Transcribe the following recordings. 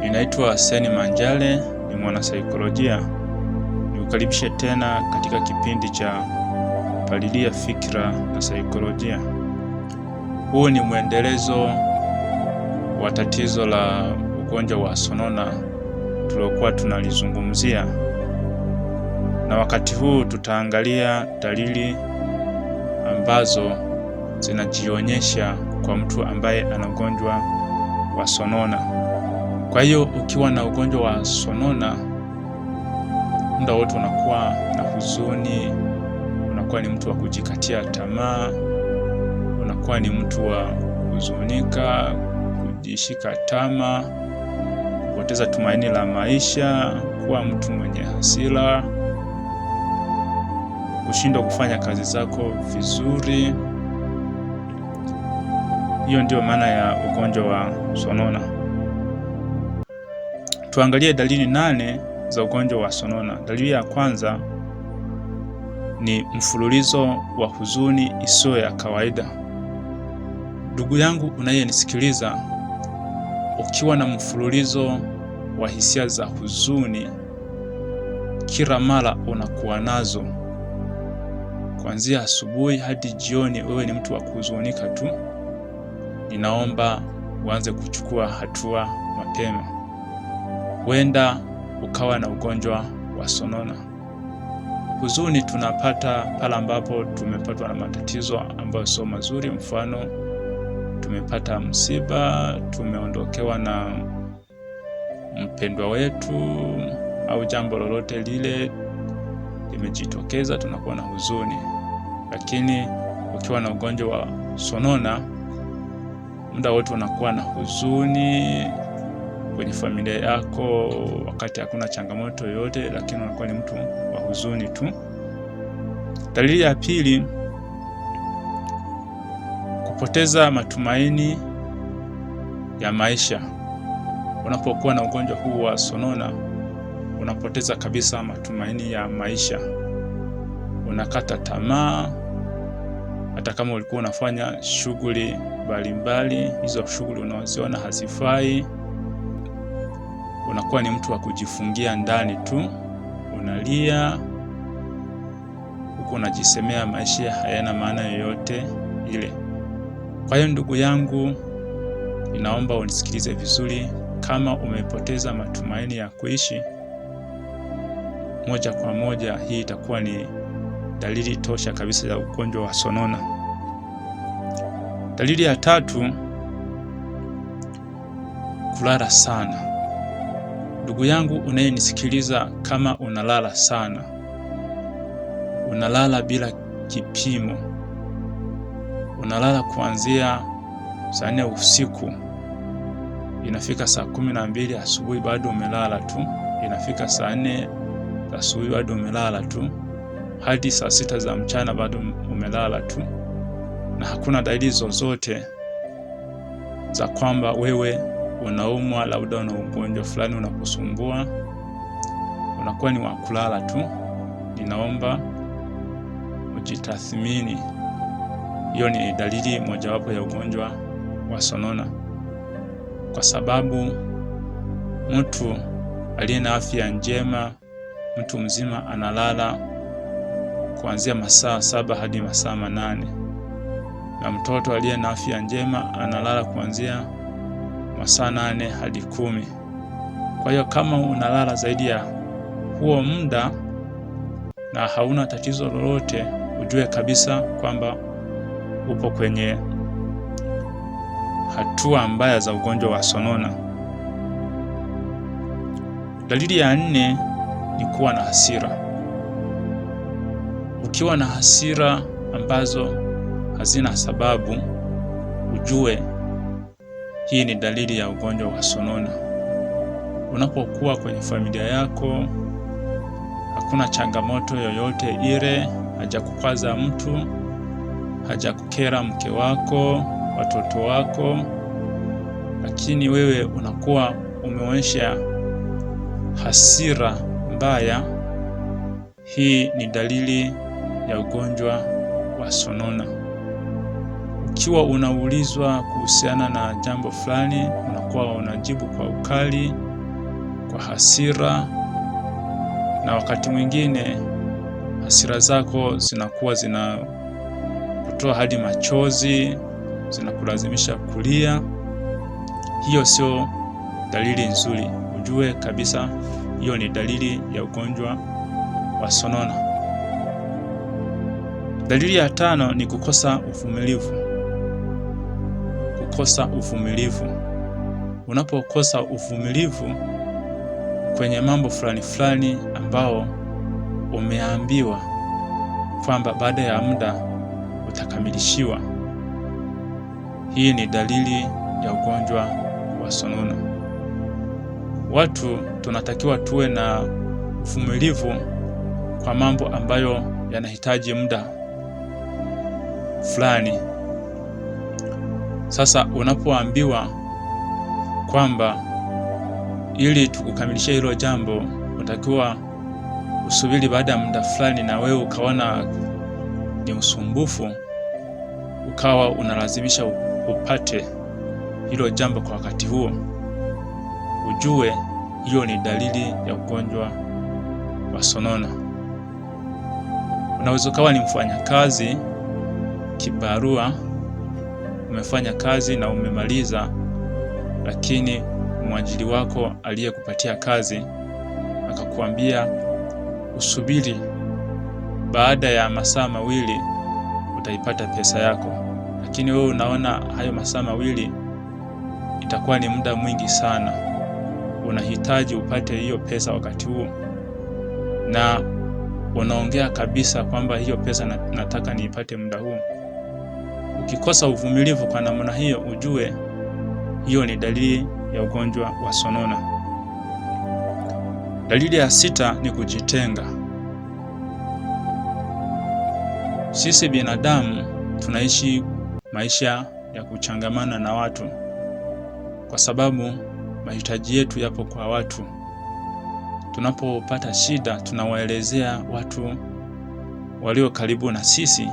Ninaitwa Seni Manjale, ni mwanasaikolojia. Nikukaribishe tena katika kipindi cha Palilia Fikra na Saikolojia. Huu ni mwendelezo wa tatizo la ugonjwa wa sonona tuliokuwa tunalizungumzia, na wakati huu tutaangalia dalili ambazo zinajionyesha kwa mtu ambaye ana ugonjwa wa sonona. Kwa hiyo ukiwa na ugonjwa wa sonona, muda wote unakuwa na huzuni, unakuwa ni mtu wa kujikatia tamaa, unakuwa ni mtu wa kuhuzunika, kujishika tama, kupoteza tumaini la maisha, kuwa mtu mwenye hasira, kushindwa kufanya kazi zako vizuri. Hiyo ndio maana ya ugonjwa wa sonona. Tuangalie dalili nane za ugonjwa wa sonona. Dalili ya kwanza ni mfululizo wa huzuni isiyo ya kawaida. Ndugu yangu unayenisikiliza, ukiwa na mfululizo wa hisia za huzuni kila mara unakuwa nazo, kuanzia asubuhi hadi jioni, wewe ni mtu wa kuhuzunika tu, ninaomba uanze kuchukua hatua mapema huenda ukawa na ugonjwa wa sonona. Huzuni tunapata pale ambapo tumepatwa na matatizo ambayo sio mazuri, mfano tumepata msiba, tumeondokewa na mpendwa wetu, au jambo lolote lile limejitokeza, tunakuwa na huzuni. Lakini ukiwa na ugonjwa wa sonona, muda wote unakuwa na huzuni kwenye familia yako wakati hakuna changamoto yoyote, lakini unakuwa ni mtu wa huzuni tu. Dalili ya pili, kupoteza matumaini ya maisha. Unapokuwa na ugonjwa huu wa sonona, unapoteza kabisa matumaini ya maisha, unakata tamaa hata kama ulikuwa unafanya shughuli mbalimbali, hizo shughuli unaziona hazifai unakuwa ni mtu wa kujifungia ndani tu, unalia huku unajisemea maisha hayana maana yoyote ile. Kwa hiyo ndugu yangu, ninaomba unisikilize vizuri. Kama umepoteza matumaini ya kuishi, moja kwa moja hii itakuwa ni dalili tosha kabisa ya ugonjwa wa sonona. Dalili ya tatu, kulala sana. Ndugu yangu unayenisikiliza, kama unalala sana, unalala bila kipimo, unalala kuanzia saa nne usiku inafika saa kumi na mbili asubuhi bado umelala tu, inafika saa nne asubuhi bado umelala tu, hadi saa sita za mchana bado umelala tu, na hakuna dalili zozote za kwamba wewe unaumwa, labda una ugonjwa fulani unakusumbua, unakuwa ni wa kulala tu, ninaomba ujitathmini. Hiyo ni dalili mojawapo ya ugonjwa wa sonona, kwa sababu mtu aliye na afya njema, mtu mzima analala kuanzia masaa saba hadi masaa manane na mtoto aliye na afya njema analala kuanzia masaa nane hadi kumi. Kwa hiyo kama unalala zaidi ya huo muda na hauna tatizo lolote, ujue kabisa kwamba upo kwenye hatua mbaya za ugonjwa wa sonona. Dalili ya nne ni kuwa na hasira. Ukiwa na hasira ambazo hazina sababu, ujue hii ni dalili ya ugonjwa wa sonona. Unapokuwa kwenye familia yako, hakuna changamoto yoyote ile, hajakukwaza mtu, hajakukera mke wako, watoto wako, lakini wewe unakuwa umeonyesha hasira mbaya, hii ni dalili ya ugonjwa wa sonona. Ikiwa unaulizwa kuhusiana na jambo fulani, unakuwa unajibu kwa ukali, kwa hasira, na wakati mwingine hasira zako zinakuwa zinakutoa hadi machozi, zinakulazimisha kulia. Hiyo sio dalili nzuri, ujue kabisa hiyo ni dalili ya ugonjwa wa sonona. Dalili ya tano ni kukosa uvumilivu kukosa uvumilivu. Unapokosa uvumilivu kwenye mambo fulani fulani ambao umeambiwa kwamba baada ya muda utakamilishiwa, hii ni dalili ya ugonjwa wa sonona. Watu tunatakiwa tuwe na uvumilivu kwa mambo ambayo yanahitaji muda fulani. Sasa unapoambiwa kwamba ili tukukamilishe hilo jambo unatakiwa usubiri baada ya muda fulani, na wewe ukaona ni usumbufu, ukawa unalazimisha upate hilo jambo kwa wakati huo, ujue hiyo ni dalili ya ugonjwa wa sonona. Unaweza ukawa ni mfanyakazi kibarua umefanya kazi na umemaliza, lakini mwajiri wako aliyekupatia kazi akakuambia usubiri, baada ya masaa mawili utaipata pesa yako, lakini wewe unaona hayo masaa mawili itakuwa ni muda mwingi sana. Unahitaji upate hiyo pesa wakati huu, na unaongea kabisa kwamba hiyo pesa nataka niipate muda huu. Ukikosa uvumilivu kwa namna hiyo, ujue hiyo ni dalili ya ugonjwa wa sonona. Dalili ya sita ni kujitenga. Sisi binadamu tunaishi maisha ya kuchangamana na watu kwa sababu mahitaji yetu yapo kwa watu. Tunapopata shida, tunawaelezea watu walio karibu na sisi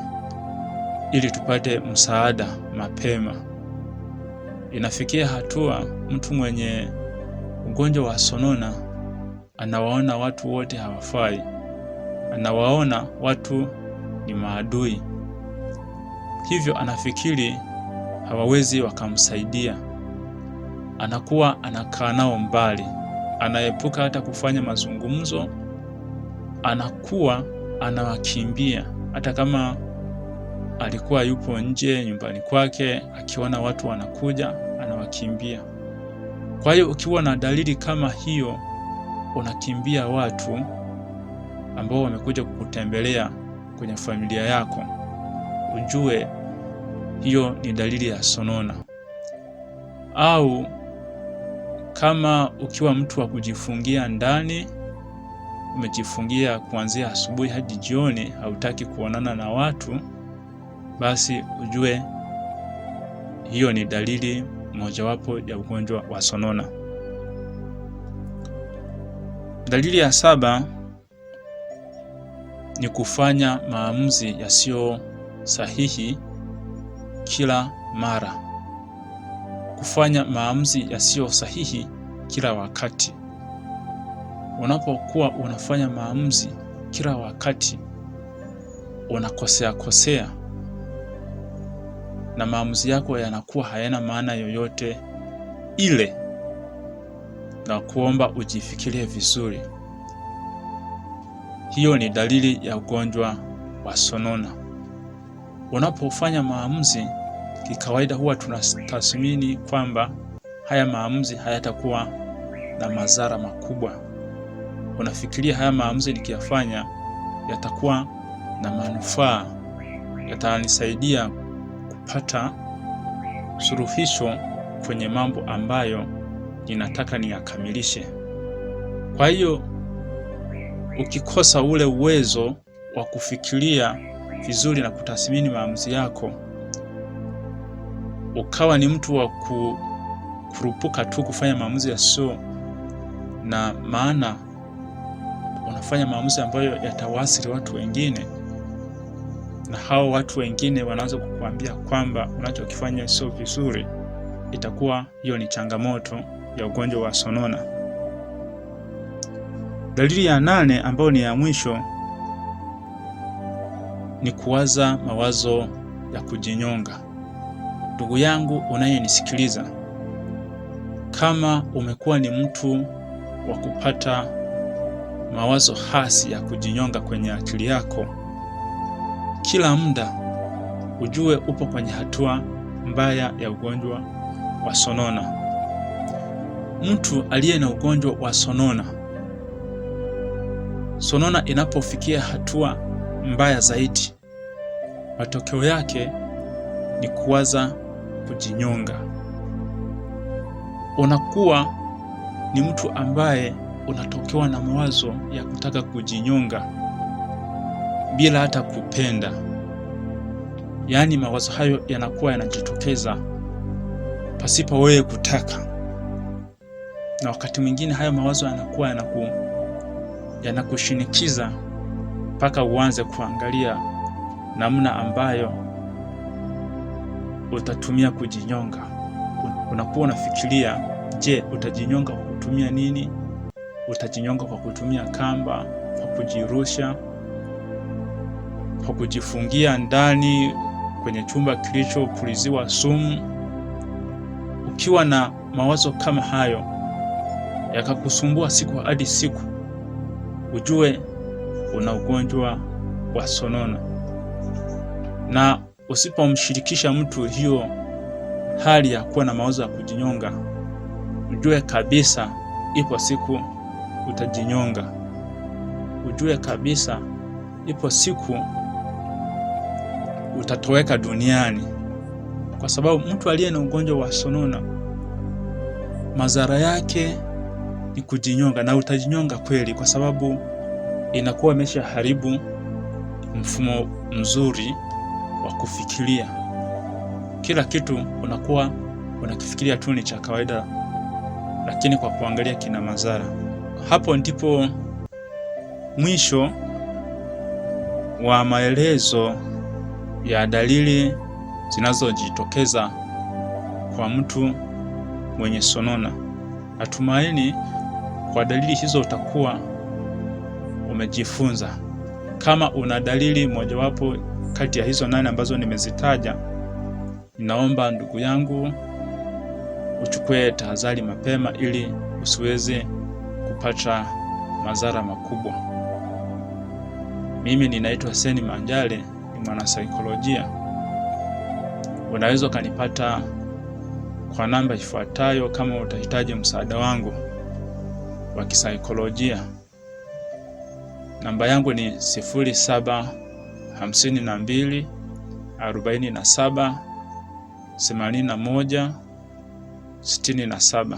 ili tupate msaada mapema. Inafikia hatua mtu mwenye ugonjwa wa sonona anawaona watu wote hawafai, anawaona watu ni maadui, hivyo anafikiri hawawezi wakamsaidia. Anakuwa anakaa nao mbali, anaepuka hata kufanya mazungumzo, anakuwa anawakimbia hata kama alikuwa yupo nje nyumbani kwake, akiona watu wanakuja anawakimbia. Kwa hiyo ukiwa na dalili kama hiyo, unakimbia watu ambao wamekuja kukutembelea kwenye familia yako, ujue hiyo ni dalili ya sonona. Au kama ukiwa mtu wa kujifungia ndani, umejifungia kuanzia asubuhi hadi jioni, hautaki kuonana na watu basi ujue hiyo ni dalili mojawapo ya ugonjwa wa sonona. Dalili ya saba ni kufanya maamuzi yasiyo sahihi kila mara. Kufanya maamuzi yasiyo sahihi kila wakati. Unapokuwa unafanya maamuzi kila wakati, unakosea kosea na maamuzi yako yanakuwa hayana maana yoyote ile, na kuomba ujifikirie vizuri. Hiyo ni dalili ya ugonjwa wa sonona. Unapofanya maamuzi kikawaida, huwa tunatathmini kwamba haya maamuzi hayatakuwa na madhara makubwa. Unafikiria haya maamuzi nikiyafanya yatakuwa na manufaa, yatanisaidia kupata suluhisho kwenye mambo ambayo ninataka niyakamilishe. Kwa hiyo ukikosa ule uwezo wa kufikiria vizuri na kutathmini maamuzi yako, ukawa ni mtu wa kurupuka tu kufanya maamuzi yasiyo na maana, unafanya maamuzi ambayo yatawaathiri watu wengine na hao watu wengine wanaanza kukuambia kwamba unachokifanya sio vizuri, itakuwa hiyo ni changamoto ya ugonjwa wa sonona. Dalili ya nane ambayo ni ya mwisho ni kuwaza mawazo ya kujinyonga. Ndugu yangu unayenisikiliza, kama umekuwa ni mtu wa kupata mawazo hasi ya kujinyonga kwenye akili yako kila muda ujue upo kwenye hatua mbaya ya ugonjwa wa sonona. Mtu aliye na ugonjwa wa sonona, sonona inapofikia hatua mbaya zaidi, matokeo yake ni kuwaza kujinyonga. Unakuwa ni mtu ambaye unatokewa na mawazo ya kutaka kujinyonga bila hata kupenda. Yaani mawazo hayo yanakuwa yanajitokeza pasipo wewe kutaka, na wakati mwingine hayo mawazo yanakuwa yanaku yanakushinikiza mpaka uanze kuangalia namna ambayo utatumia kujinyonga. Unakuwa unafikiria, je, utajinyonga kwa kutumia nini? Utajinyonga kwa kutumia kamba, kwa kujirusha kwa kujifungia ndani kwenye chumba kilichopuliziwa sumu. Ukiwa na mawazo kama hayo yakakusumbua siku hadi siku, ujue una ugonjwa wa sonona, na usipomshirikisha mtu hiyo hali ya kuwa na mawazo ya kujinyonga, ujue kabisa ipo siku utajinyonga. Ujue kabisa ipo siku utatoweka duniani, kwa sababu mtu aliye na ugonjwa wa sonona madhara yake ni kujinyonga, na utajinyonga kweli, kwa sababu inakuwa imesha haribu mfumo mzuri wa kufikiria. Kila kitu unakuwa unakifikiria tu ni cha kawaida, lakini kwa kuangalia kina madhara. Hapo ndipo mwisho wa maelezo ya dalili zinazojitokeza kwa mtu mwenye sonona. Natumaini kwa dalili hizo utakuwa umejifunza. Kama una dalili mojawapo kati ya hizo nane ambazo nimezitaja, ninaomba ndugu yangu uchukue tahadhari mapema ili usiweze kupata madhara makubwa. Mimi ninaitwa Seni Manjale ni mwanasaikolojia. Unaweza ukanipata kwa namba ifuatayo kama utahitaji msaada wangu wa kisaikolojia. Namba yangu ni 0752 47 81 67.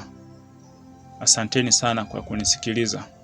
Asanteni sana kwa kunisikiliza.